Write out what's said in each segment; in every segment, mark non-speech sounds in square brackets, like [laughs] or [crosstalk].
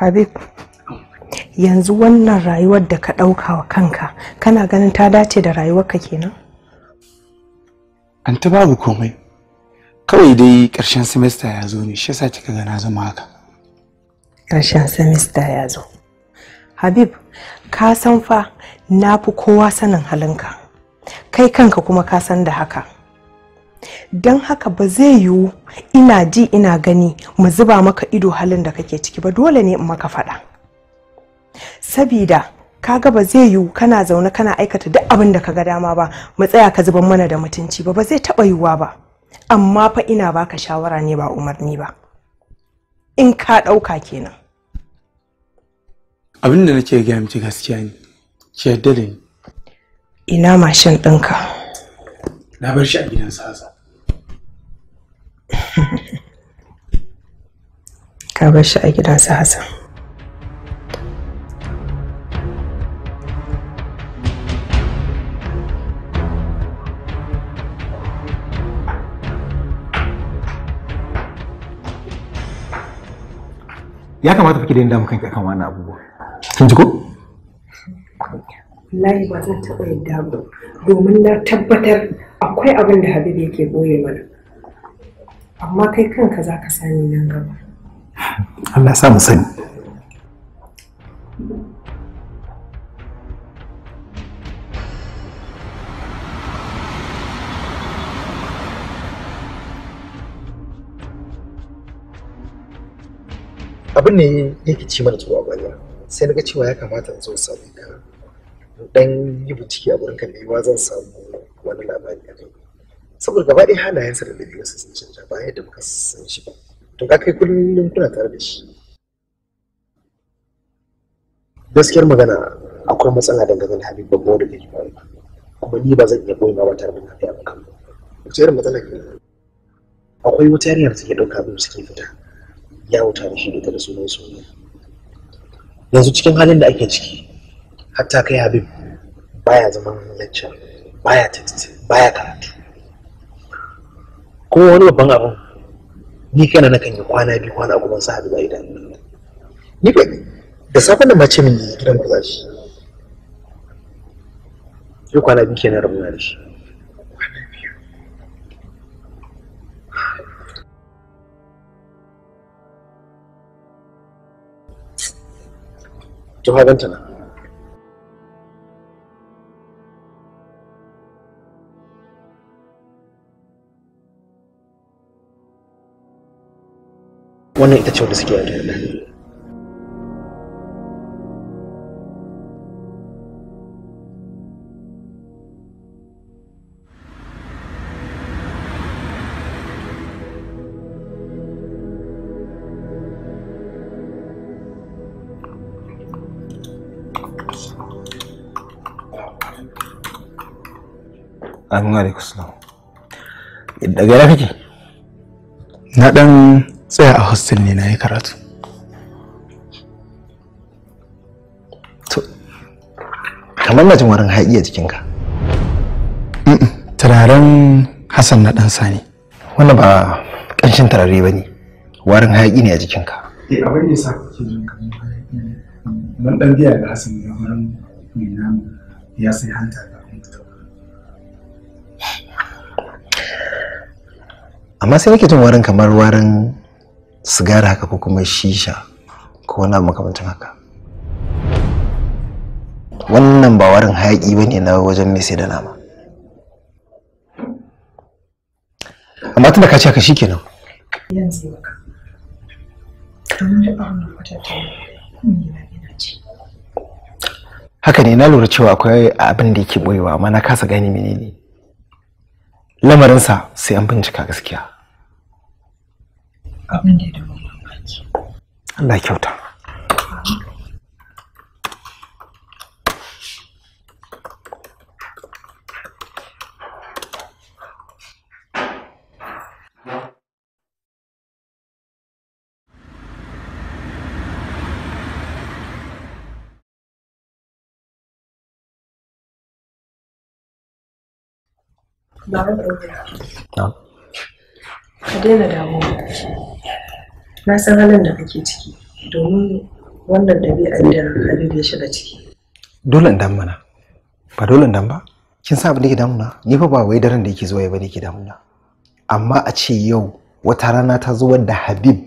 habib yanzu wannan rayuwar da ka ɗauka wa kanka kana ganin ta dace da rayuwarka kenan an ta babu komai kawai dai ƙarshen semester ya zo ne shi yasa kika ga na zama haka ƙarshen semester ya zo habib ka san fa na fi kowa sanin halinka kai kanka kuma ka san da haka don haka ba zai yiwu ina ji ina gani mu zuba maka ido halin da kake ciki ba dole ne in maka faɗa sabida kaga ba zai yiwu kana zaune kana aikata duk abin da kaga dama ba mu tsaya ka zuban mana da mutunci ba ba zai taɓa yiwuwa ba amma fa ina baka shawara ne ba umarni ba in ka ɗauka kenan abin da nake gaya miki gaskiya ne ki yarda da ni ina mashin ɗinka na bar shi a gidan sasa [laughs] ka bar shi a gida su Hassan ya kamata kake daina damu kanki kan wani abubuwa kin ji ko wallahi ba zan taɓa yin damu domin na tabbatar akwai abin da Habibu yake goye mana amma kai kanka za ka sani nan gaba Allah sa mu sani abin ne yake ci mana tsoron gwanya sai na ga cewa ya kamata in zo samu ka dan yi bincike a ka ne wa zan samu wani labari a kai saboda gaba ɗaya halayensa da ɗabi'unsa sun canja ba yadda muka san shi ba to ka kai kullum kuna tare da shi gaskiyar magana akwai matsala dangane da habib babu da ke faru kuma ni ba zan iya koyi ba tare da na biya kan wace irin matsala ke akwai wata yarinyar da take ɗauka abin suke fita ya wuta da shi da ta da sunan yanzu cikin halin da ake ciki hatta kai habib baya zaman lecture baya text baya karatu kuma wani babban abu ni kana na kan yi kwana biyu kwana uku ban sa hadu ba idan ni ba da safan da mace min gidan ku za shi kwana biyu kenan rabu na da shi to ha ganta na wannan ita ce wanda suke yaƙi da Amin alaikussalam. Daga yana kake? Na ɗan tsaya a hostel ne na yi karatu to kamar na jin warin haƙi a jikinka turaren hassan na ɗan sani wannan ba ƙanshin turare ba ne warin haƙi ne a jikinka eh abin da yasa kake jin kamar haƙi mun ɗan biya da hassan ya warin mai namu ya sai hanta da amma sai nake jin warin kamar warin sigara haka ko kuma shisha ko wani makamantan haka wannan ba warin haƙi ba ne na wajen mai sai da nama amma tun da ka ce haka shikenan haka ne na lura cewa akwai abin da yake boyewa amma na kasa gani menene lamarinsa sai an bincika gaskiya abin da ya da mamaki Allah kyauta Ka daina damuwa. na san halin da kake ciki domin wannan ɗabi'ar da Habibu ya shiga ciki. Dole in dan mana. Ba dole in dan ba. Kin sa abin da ke damuna? Ni fa ba wai daren da yake zuwa ya bane ke damuna. Amma a ce yau wata rana ta zo wadda Habib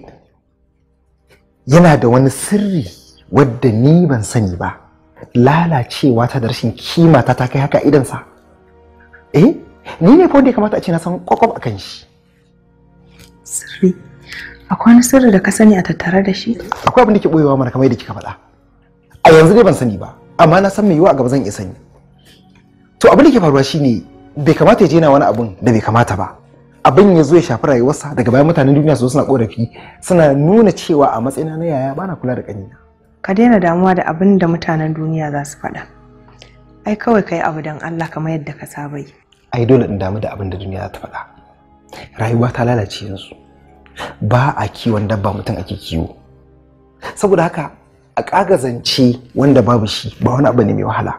yana da wani sirri wadda ni ban sani ba. Lalacewa ta da rashin kima ta ta kai haka idansa. Eh, ni ne fa wanda ya kamata a ce na san kwakwab akan shi. Sirri. akwai wani sirri da ka sani a tattare da shi akwai abin da ke boyewa mana kamar yadda kika faɗa a yanzu dai ban sani ba amma na san mai yiwa a gaba zan iya sani to abin da ke faruwa shine bai kamata ya je na wani abin da bai kamata ba abin ya zo ya shafi rayuwarsa daga bayan mutanen duniya su suna korafi suna nuna cewa a matsayina na yaya bana kula da kanina ka daina damuwa da abin da mutanen duniya za su faɗa ai kawai ka yi abu dan Allah kamar yadda ka saba yi ai dole in damu da abin da duniya za ta faɗa rayuwa ta lalace yanzu ba a kiwon dabba mutum ake kiwo saboda haka a ƙagazance wanda babu shi ba wani abu ne mai wahala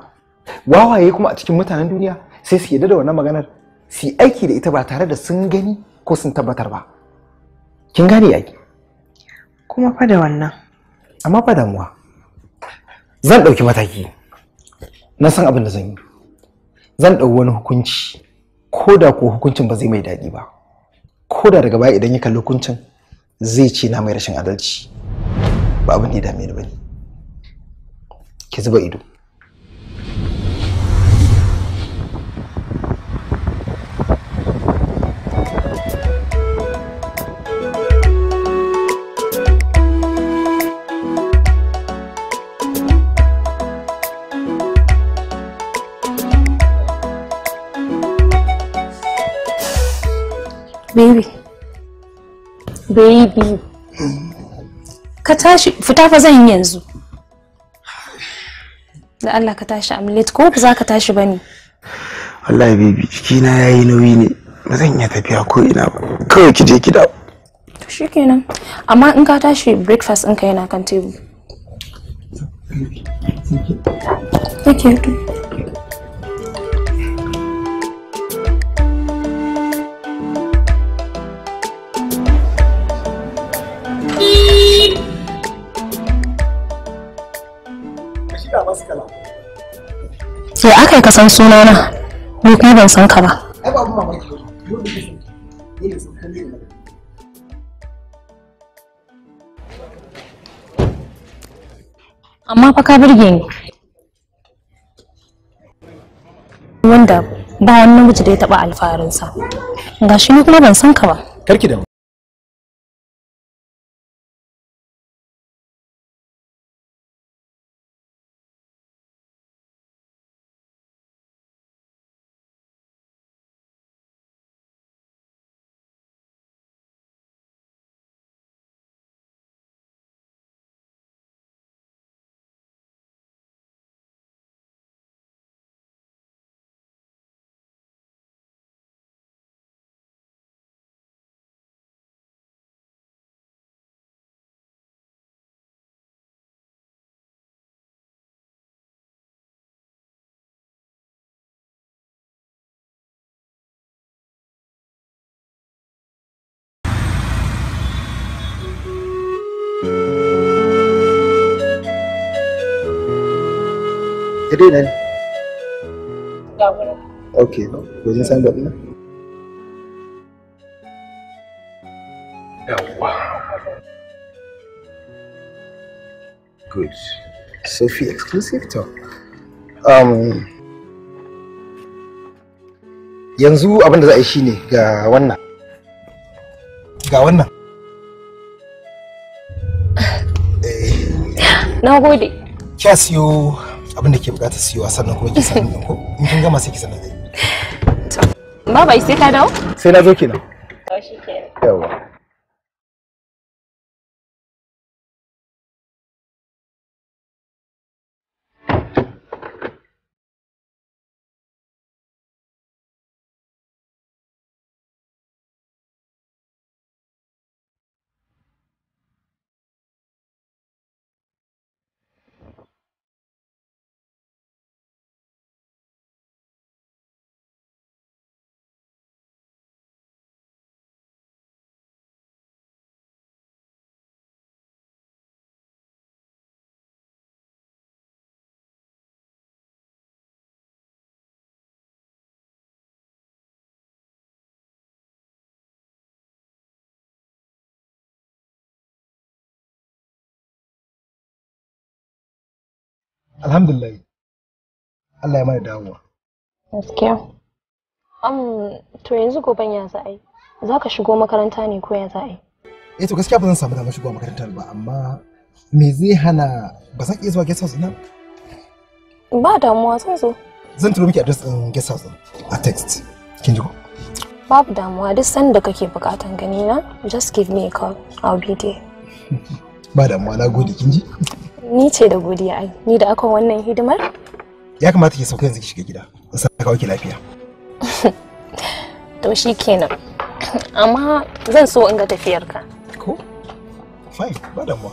wawaye kuma a cikin mutanen duniya sai su yadda da wannan maganar su aiki da ita ba tare da sun gani ko sun tabbatar ba kin gane yaki kuma fa da wannan amma fa damuwa zan ɗauki mataki na san abin da zan yi zan ɗau wani hukunci ko da ko hukuncin ba zai mai daɗi ba ko da daga baya idan ya kalli hukuncin zai ce na mai rashin adalci ba abin da ya dame ni bane ki zuba ido Baby. Baby. Ka tashi fita fa zan yanzu. Da Allah ka tashi amulet ko ba za ka tashi bane. Wallahi baby jikina yayi nauyi ne. Ba zan iya tafiya ko ina ba. Kawai ki je ki dawo. To shikenan. Amma in ka tashi breakfast ɗinka yana kan table. Thank you. Thank you. ya aka yi kasan sunana ni kuma ban san ka ba amma fa ka burge ni wanda ba wani namiji da ya taba alfaharinsa ga shi ni kuma ban san ka ba karki da Gare na ne? Ok, wajen san gaɗi na? Yawwa. Good. Sophie exclusive talk. Um, yanzu abin da za a yi shine ga wannan. Ga wannan. Na gode. Kya siyo abinda ke bukata su yi siyowa sannan kuma ki sanin nan ko in kin gama sai ki sanin ai baba sai ka dawo sai na zo kenan to shikenan yawa alhamdulillah Allah ya mana dawowa gaskiya am to yanzu ban ya za a za ka shigo makaranta ne ko ya za eh to gaskiya ba zan samu damar shigo makarantar ba amma me zai hana ba zan iya zuwa guest house nan ba damuwa zan zo zan turo miki address din guest house a text kin ji ko babu damuwa duk sanda kake bukatan gani na just give me a call i'll be there [laughs] ba damuwa na gode kin ji Ni ce da godiya ai, ni da aka wannan hidimar? Ya kamata ki sauka yanzu ki shiga gida, in sa ka ki lafiya. To shi kenan, amma zan so in ga tafiyarka. Ko? Fine, ba damuwa.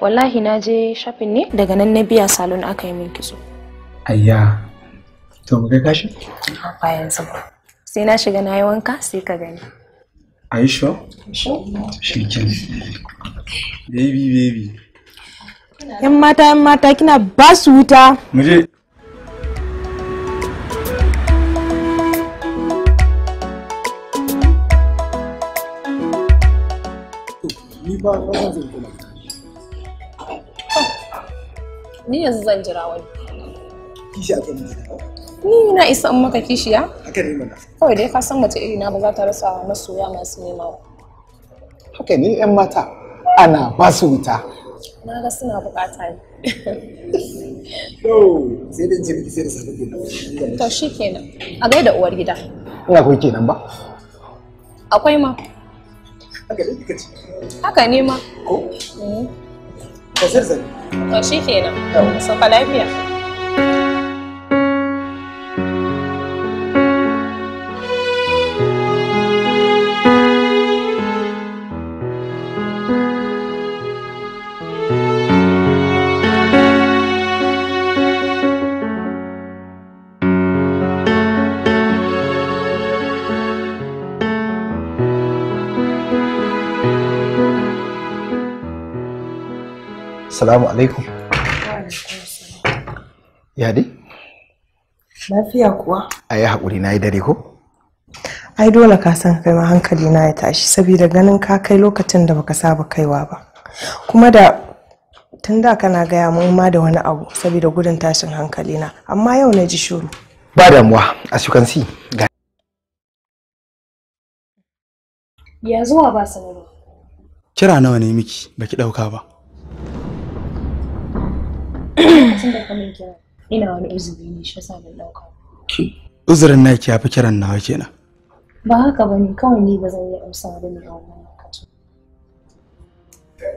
wallahi na je shopping ne daga nan na biya salon aka yi min kitso ayya to mu kai kashi ba yanzu ba sai na shiga na yi wanka sai ka gani are you sure shi kin baby baby yan mata yan mata kina ba su wuta mu je ni ba ba zan ni yanzu zan jira wani kishi a kan ni na isa in maka kishiya haka ne mana kawai dai ka san mace iri na ba za ta rasa masoya masu nema ba haka ne yan mata ana ba su wuta na ga suna bukata ne sai da jini sai da sabu kenan to shi kenan a gaida uwar gida ina kai kenan ba akwai ma haka ne ma ko mm. da zirzani to shi kenan sauka lafiya Salamu alaikum. Ya dai? Lafiya kuwa. A yi haƙuri na yi dare ko? Ai dole ka san kai ma hankali na ya tashi saboda ganin ka kai lokacin da baka saba kaiwa ba. Kuma da tun da kana gaya mun ma da wani abu saboda gudun tashin hankali na amma yau na ji shuru. Ba damuwa as you can see ga. Ya zuwa ba sanarwa. Kira nawa ne miki baki ɗauka ba. lokacin da min kira ina wani uzuri ne shi yasa ban dauka ki uzurin naki yafi kiran nawa kenan ba haka bane kawai ni ba zan yi amsa ba ne wannan lokacin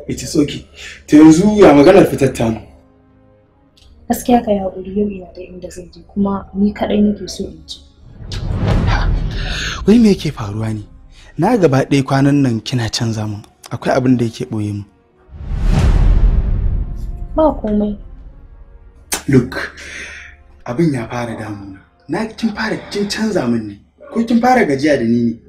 ita soki ta yanzu ya maganar fitar ta mu gaskiya ka yaƙuri yau ina da inda zan je kuma ni kaɗai nake so in ci wai me yake faruwa ne na gaba ɗaya kwanan nan kina canza min akwai abin da yake ɓoye mu ba komai Look, abin ya fara damuna. Na kin fara kin canza min ne. Ko kin fara gajiya da ni ne?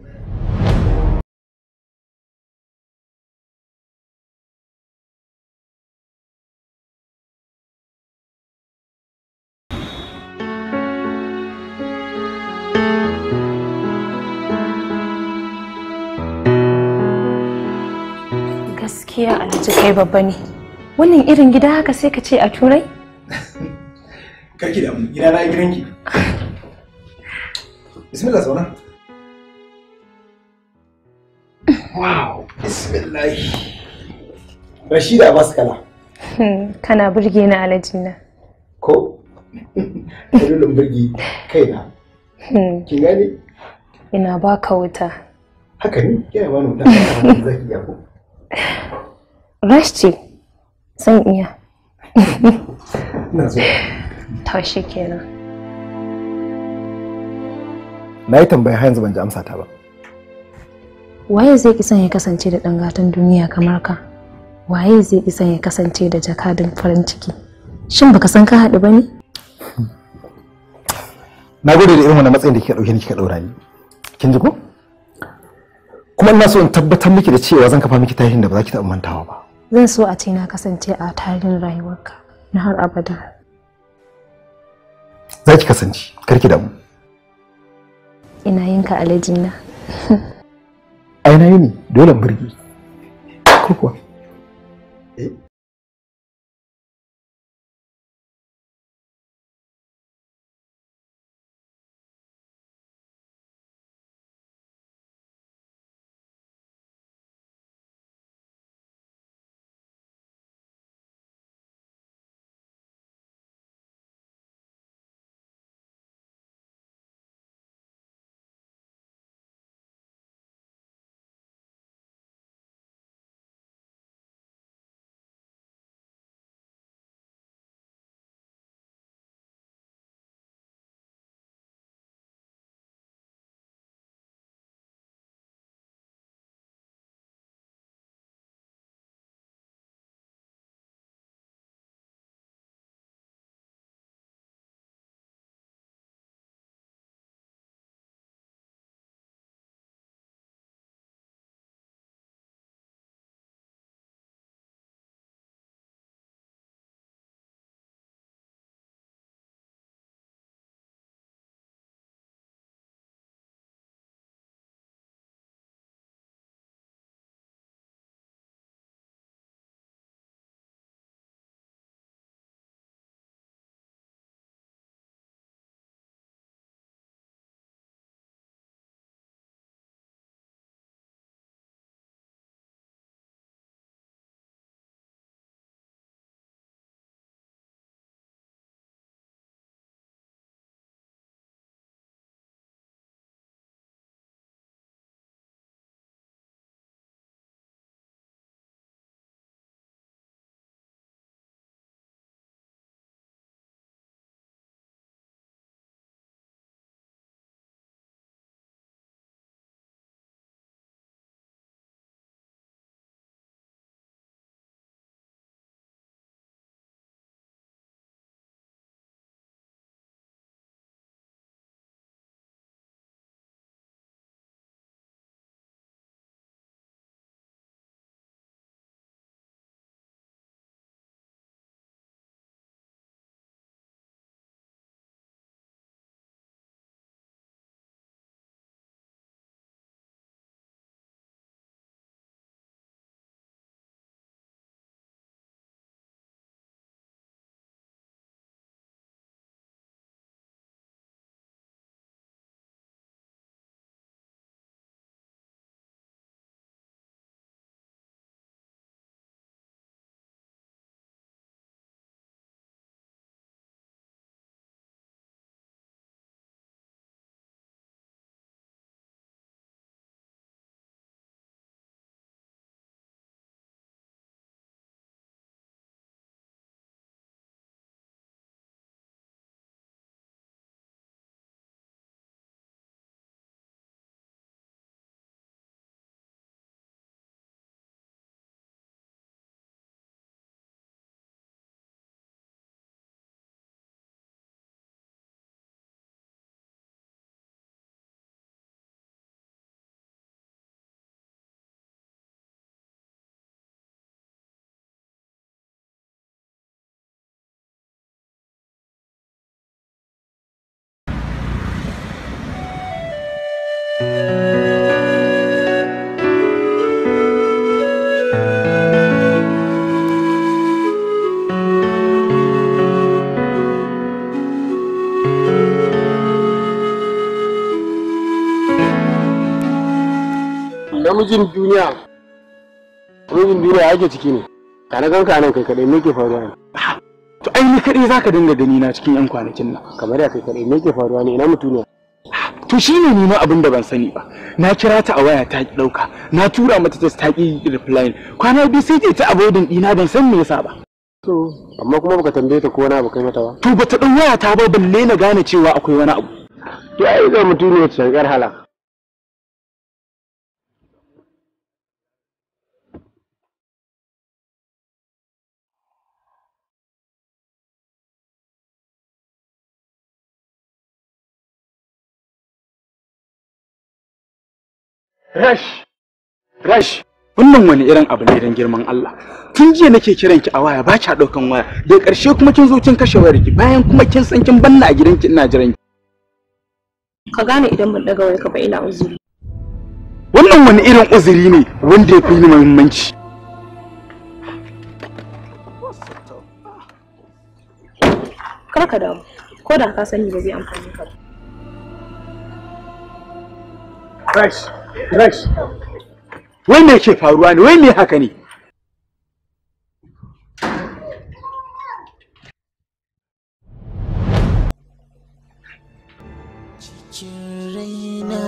gaskiya alhaji kai babba ne wannan irin gida haka sai ka ce a turai [laughs] karki da mu gida na ki? bismillah sauna wow bismillah Rashida Abbas kala kana burge na alajina ko dalilin burge kaina kin gane ina baka wuta haka ne yi wani wuta zaki iya ko rashi san iya ina so Tashi shi kenan na yi tambaya har yanzu ban ji amsa ta ba waye zai ki son ya kasance da gatan duniya kamar ka waye zai ki son ya kasance da jakadin farin ciki shin baka san ka haɗu ba ne na gode da irin wannan matsayin da kika ɗauke ni kika ɗaura ni kin ji ko kuma ina so in tabbatar miki da cewa zan kafa miki tarihin da ba za ki taɓa mantawa ba zan so a ce na kasance a tarihin rayuwarka na har abada za ki kasance karki damu ina yinka alajina ai na yi ne dole birgi ko kuwa namijin duniya namijin duniya yake ciki ne ka na ganka nan kai kadai me ke faruwa ne ah, to ai ni kadai zaka dinga gani na cikin yan kwanakin nan kamar ya kai kadai me ke faruwa ne ina mutuniya to shi ne ma abin da ban sani ba na kira ta a waya ta dauka na tura mata ta staki reply kwana biyu sai ta abodin dina ban san me yasa ba to amma kuma baka tambaye ta ko wani abu kai mata ba to bata dan waya ta ba balle na gane cewa akwai wani abu to ai ga mutum ne shankar hala Rash, rash, wannan wani irin abu ne don girman Allah. Tun jiya nake kiran ki a waya ba kya ɗaukan waya, da ƙarshe kuma kin zo kin kashe wayar ki bayan kuma kin san kin banna a gidanki ina jiran ki. Ka gane idan ban daga wayar ka ba ina uzuri. Wannan wani irin uzuri ne wanda ya fi ni muhimmanci. Kar ka damu, ko da ka sani ba zai amfani ka ba. Rash, rash. Wai me ke faruwa ne? Wai me haka ne? Cikin raina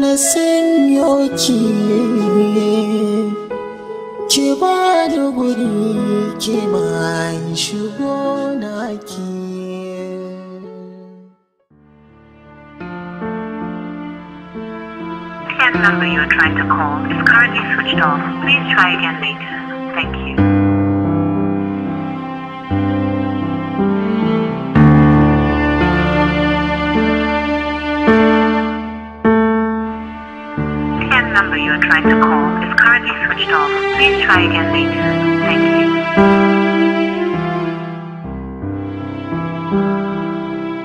na sanyo ki ki ba da guri ki ma shigo na number you are trying to call is currently switched off. Please try again later. Thank you. The number you are trying to call is currently switched off. Please try again later. Thank you.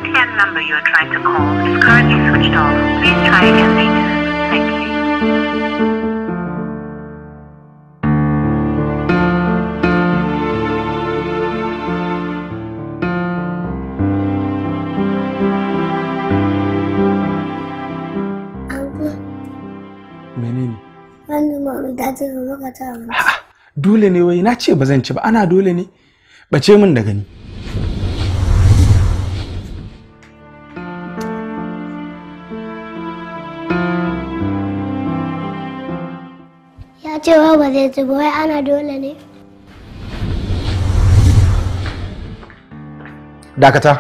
The number you are trying to call is currently switched off. Please try again later. Dole ne wai na ce ba zan ci ba ana dole ne bace min da gani. Ya ce wa ba zai ci ba wai ana dole ne. Dakata,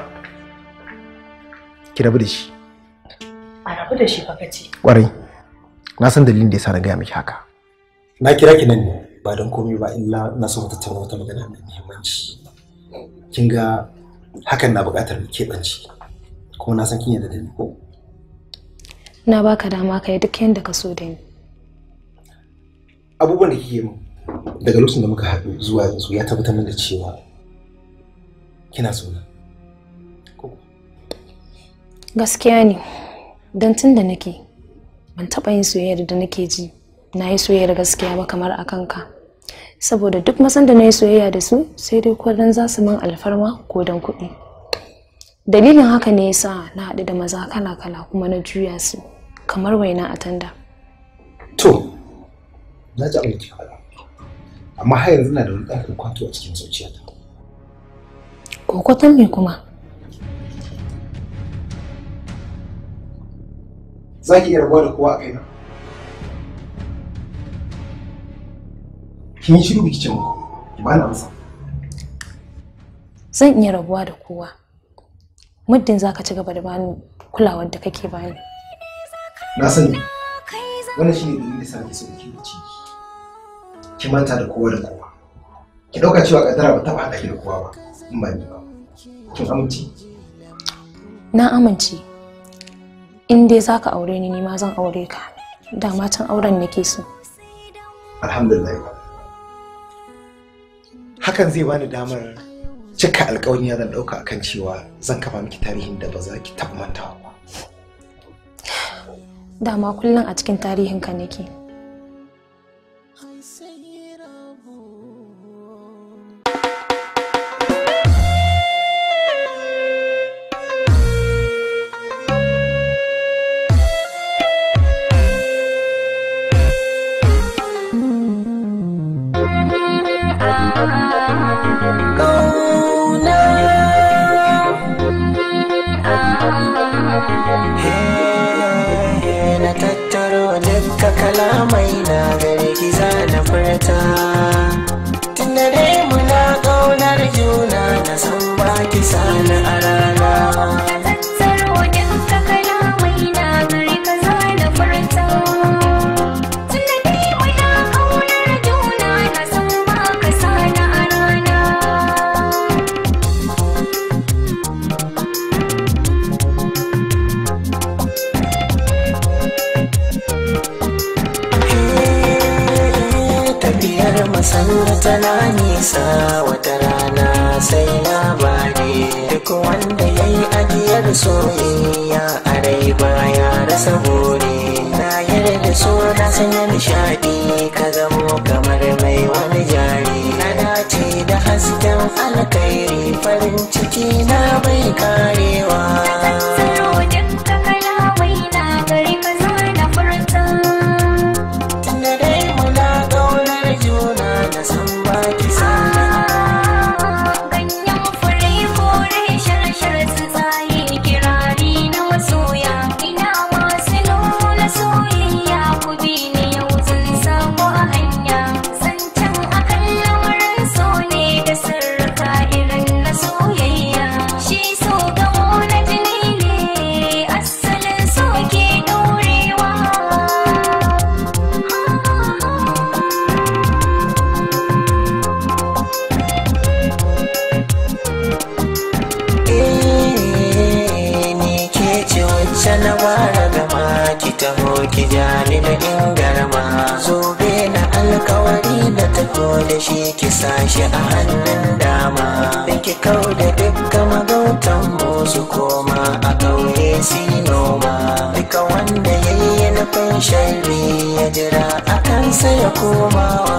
ki rabu da shi. A rabu da shi fa kace. Kwarai, na san dalilin da ya sa na gaya miki haka. na kira ki nan ne ba don komai ba illa na so tattauna wata magana mai muhimmanci kin ga hakan na buƙatar keɓanci kuma na san kin yadda da ni ko na baka dama ka yi duk yadda ka so da ni abubuwan da kike min daga lokacin da muka haɗu zuwa yanzu ya tabbatar min da cewa kina so na gaskiya ne don tun da nake ban taɓa yin soyayyar da nake ji na yi soyayyar gaskiya ba kamar a kanka saboda duk masan da na yi soyayya da su sai dai kwallon za su min alfarma ko don kuɗi dalilin haka ne yasa na haɗu da maza kala-kala kuma na juya su kamar waina a tanda to na ji abin ke faɗa amma har yanzu na da wani ɗakin kwato a cikin zuciyata kokotan me kuma za ki iya rabuwa da kowa a kaina kin yi shiru biki ce mu ki bani amsa zan iya rabuwa da kowa muddin zaka ci gaba da bani kulawar da kake bani na sani wannan shine dalilin da sa ki so ki ci ki manta da kowa da kowa ki dauka cewa kadara ba taba haɗa da kowa ba in ba ni ba kin amince na amince in dai za ka aure ni ni ma zan aure ka da matan auren nake so alhamdulillah hakan zai bani damar cika alkawari ya zan ɗauka akan cewa zan kafa miki tarihin da ba za ki taɓa mantawa ba dama kullum a cikin tarihin ka nake sanda tana nisa wata rana sai bare duk wanda ya yi ajiyar soyayya a rai ya rasa bore na yarda so na sanya nishadi ka zamo kamar mai wani jari na dace da hasken alkairi farin ciki na ki sashi a hannun dama da ki kau da dukkan magautan mu su koma a kauye si noma duka wanda ya yi nufin shari ya jira a kansa ya komawa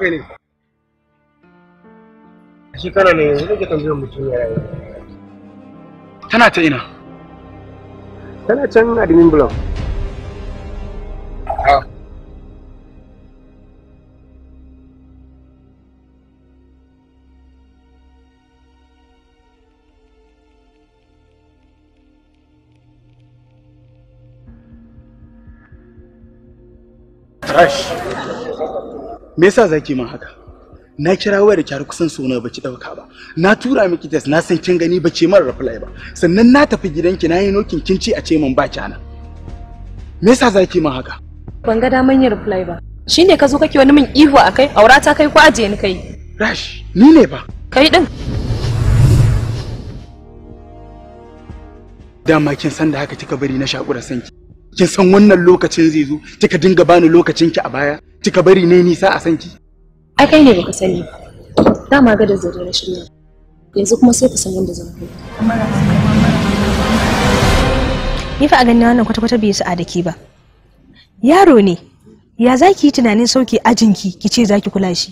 kai ne shi kana ne yanzu nake mutum ya rayu tana ta ina tana can admin blog ah. Rush. me yasa zaki min haka na kira wayar da kyar kusan sona baki dauka ba na tura miki test na san kin gani bace mara reply ba sannan na tafi gidanki na yi nokin kin ci a ce min ba nan me yasa zaki min haka ban ga daman yin reply ba shine ka zo kake wani min ihu akai ta kai ko aje ni kai rash ni ne ba kai din dama kin san da haka kika bari na shakura sanki kin san wannan lokacin zai zo kika dinga bani lokacin ki a baya kika bari ne nisa a san ki ai kai ne baka sani ba ma ga da zare na shirya yanzu kuma sai ka san wanda zan kai ni fa a ganin wannan kwata-kwata bai sa'a da ke ba yaro ne ya za ki yi tunanin sauke ajinki ki ce za ki kula shi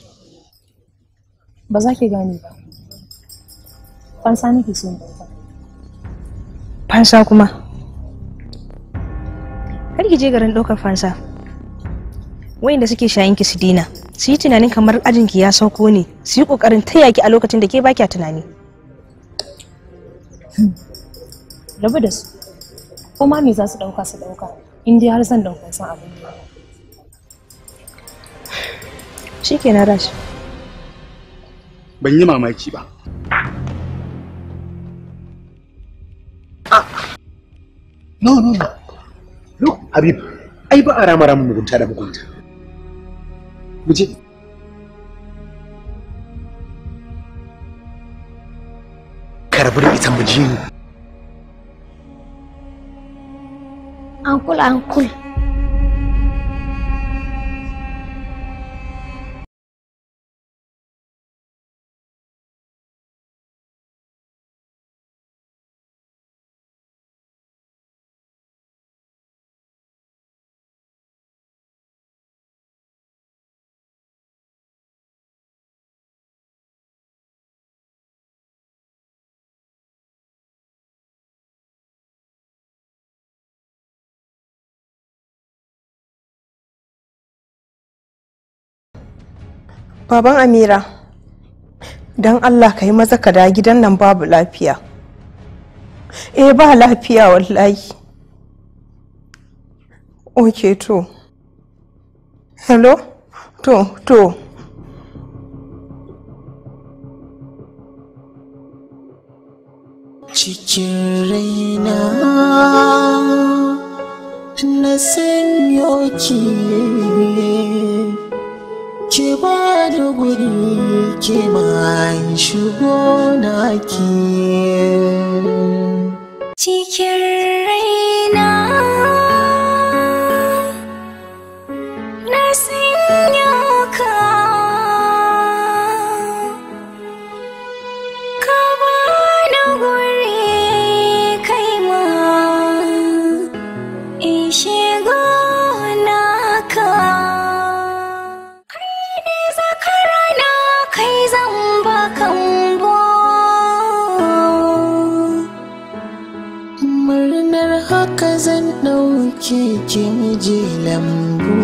ba za ki gane ba fansa nake so fansa kuma kar ki je garin ɗaukar fansa wayanda suke shayin ki su dina su yi tunanin kamar ajin ki ya sauko ne su yi kokarin taya ki a lokacin da ke baki a tunani hmm. rabu da su ko ma me za su ɗauka su ɗauka in dai har zan ɗauka san abin na rashi ban yi mamaki ba ah. no no no Look, Habib, ai ba a rama rama mugunta da mugunta. Mu je. ita mu je. Uncle, uncle. baban amira don allah ka yi maza ka da gidan nan babu lafiya eh ba lafiya wallahi ok to hello to to cikin raina na sanyo kiyaye. ki ba da guri ki shigo na ki cikin raina zan ɗauke ki je lambu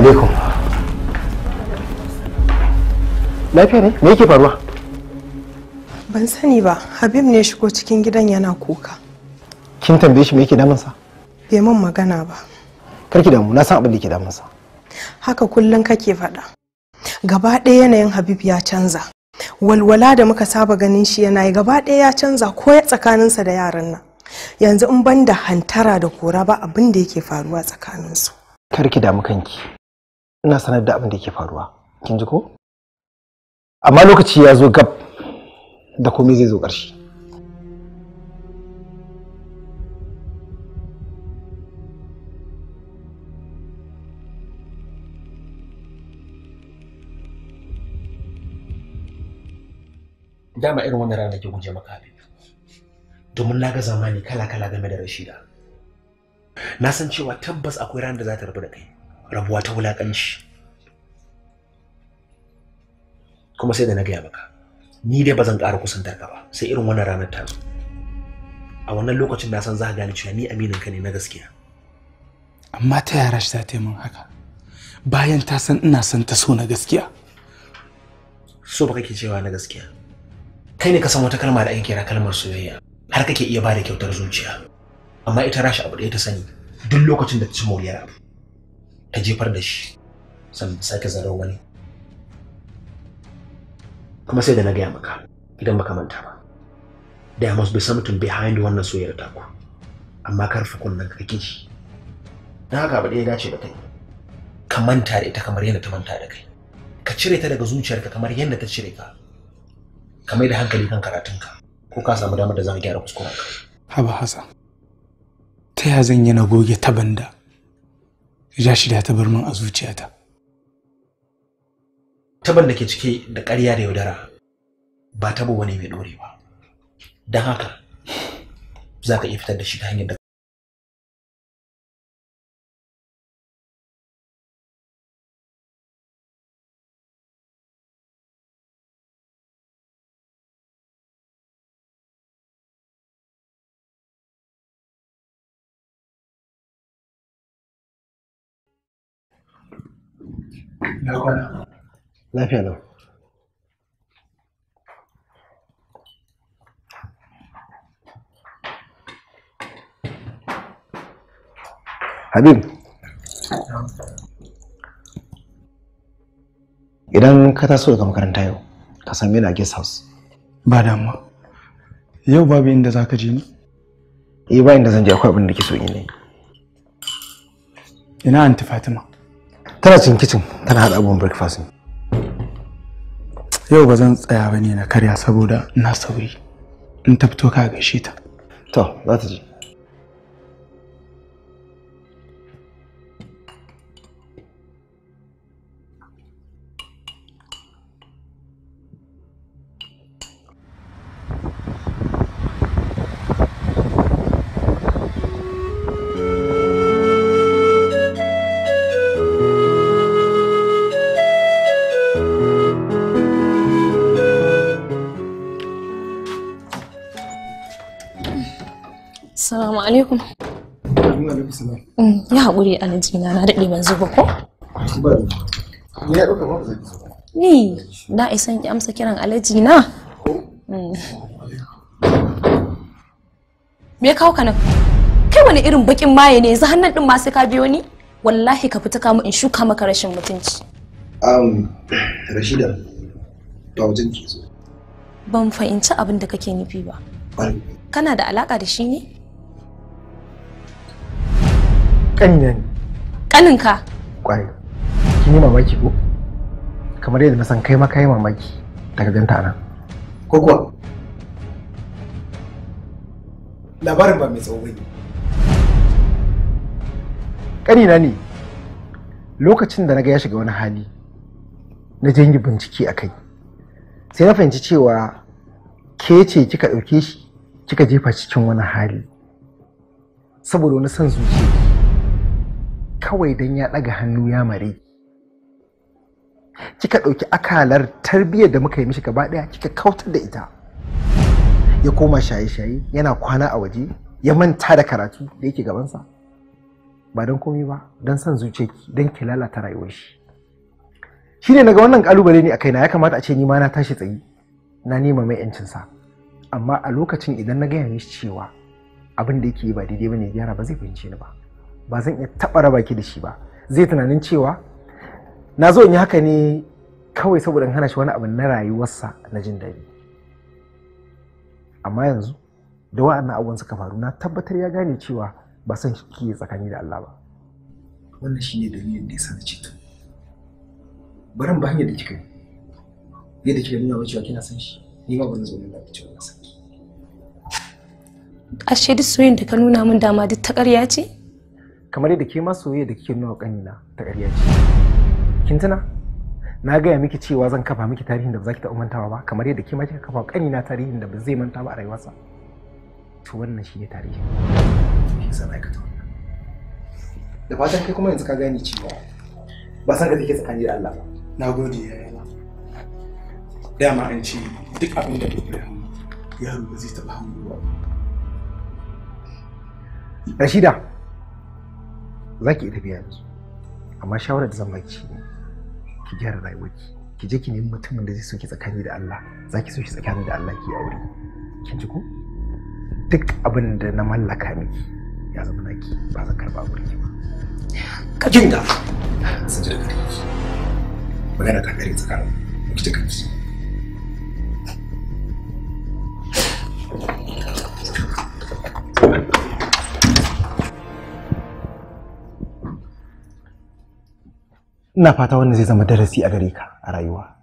alaikum lafiya ne me yake faruwa ban sani ba habib ne shigo cikin gidan yana kuka kin tambaye shi me yake damunsa bai min magana ba karki damu na san abin da yake damunsa haka kullum kake faɗa gaba ɗaya yanayin habib ya canza walwala da muka saba ganin shi yana yi gaba ɗaya ya canza ko ya tsakaninsa da yaran nan yanzu in ban da hantara da kora ba abin da yake faruwa tsakaninsu karki damu kanki ina sanar da abin da yake faruwa kin ji ko amma lokaci ya zo gab da komai zai zo ƙarshe dama irin wannan ranar ke guje maka abin domin na ga zamani kala-kala game da Rashida na san cewa tabbas akwai ranar da za ta rabu da kai rabuwa ta wulaƙanci kuma sai da na gaya maka ni dai ba zan ƙara kusantar ka ba sai irin wannan ranar ta zo a wannan lokacin na san za ka gane cewa ni aminin ka ne na gaskiya amma ta yara shi ta taimun haka bayan ta san ina son ta so na gaskiya so ba kake cewa na gaskiya kai ne ka san wata kalma da ake kira kalmar soyayya har kake iya ba da kyautar zuciya amma ita rashi abu da ta sani duk lokacin da ta ci moriyar abu ta jefar da shi sannan sake zarar wani kuma sai da na gaya maka idan baka manta ba there must be something behind wannan soyayyar taku amma ka rufe kunnen ka kake shi don haka ba ya dace da kai ka manta da ita kamar yadda ta manta da kai ka cire ta daga zuciyarka kamar yadda ta cire ka ka mai da hankali kan karatunka ko ka samu damar da za ka gyara kuskurenka haba hasan ta ya zan yi na goge taban da ja shida ta bar min a zuciyata taban da ke cike da ƙarya da yaudara ba tabo wani mai dore ba don haka za ka iya fitar da shi ta hanyar da Lafiya lau. Habib. Idan ka taso daga makaranta yau, ka san ni a guest house. Ba damuwa. Yau babu inda za ka je ni? Eh ba inda zan je akwai abin da ke so in yi. Ina anti Fatima. tana cikin kicin tana haɗa abubuwan breakfast ne yau ba zan tsaya ba ne na karya saboda na sauri in ta fito ka gaishe ta to za ta ji Assalamu alaikum. Ya mm, haƙuri a jina na daɗe ban zuba ko? Ni na isan ki amsa kiran alaji na? Mm. Me kawo ka nan? Kai wani irin bakin maye ne yanzu hannun ɗin ma sai ka biyo ni? Wallahi ka fita kamu in shuka maka rashin mutunci. Um, Rashida, ba wajen ke zo. Ban fahimci abin da kake nufi ba. Kana da alaka da shi ne? ƙanina ne ƙaninka ƙwai kin yi mamaki ko kamar yadda na san kai ma kai mamaki daga ganta anan ko kuwa labarin ba mai tsawo ne. ƙanina ne lokacin da na ga ya shiga wani hali na je yi bincike a kai sai na fahimci cewa ke ce kika ɗauke shi kika jefa cikin wani hali saboda wani son zuciya kawai don ya ɗaga hannu ya mare kika ɗauki akalar tarbiyyar da muka yi mishi gaba ɗaya kika kautar da ita ya koma shaye-shaye yana kwana a waje ya manta da karatu da yake gabansa ba don komai ba don son zuciyarki don ki lalata rayuwar shi Shi shine naga wannan kalubale ne a kaina ya kamata a ce ni ma na tashi tsayi na nema mai yancin sa amma a lokacin idan na gaya mishi cewa abin da yake ba daidai bane gyara ba zai fahimce ni ba ba zan iya taɓa raba ki da shi ba zai tunanin cewa na zo in yi haka ne kawai saboda in hana shi wani abu na rayuwarsa na jin daɗi amma yanzu da wa'annan abubuwan suka faru na tabbatar ya gane cewa ba san shi ke tsakani da Allah ba wannan shine dalilin da sa na ce to barin ba hanyar da kika yi yadda kika nuna wa cewa kina san shi ni ma ban zo da lafiya cewa na san ashe duk soyayyen da ka nuna min dama duk ta ƙarya ce kamar yadda ke ma soyayya da kike nuna kanina ta ƙarya ce kin tuna na gaya miki cewa zan kafa miki tarihin da ba za ki taɓa mantawa ba kamar yadda ke ma kika kafa kanina tarihin da ba zai manta ba a rayuwarsa to wannan shi ne tarihi shi zan aikata wannan da fatan kai kuma yanzu ka gane cewa ba san ka take tsakani da Allah ba na gode ya dama an ce duk abin da ke hannu yaro ba zai taɓa hannu ba Rashida, za ki iya tafiya yanzu amma shawarar da zan baki ne ki gyara rayuwarki ki je ki nemi mutumin da zai so ki tsakani da Allah za ki so shi tsakani da Allah ki aure kin ji ko duk abin da na mallaka miki ya zama naki ba zan karba wurin ki ba ka jin da sun ji daga kanki magana ta kare tsakanin ki da kanki Thank you. ina fata wannan zai zama darasi a gare ka a rayuwa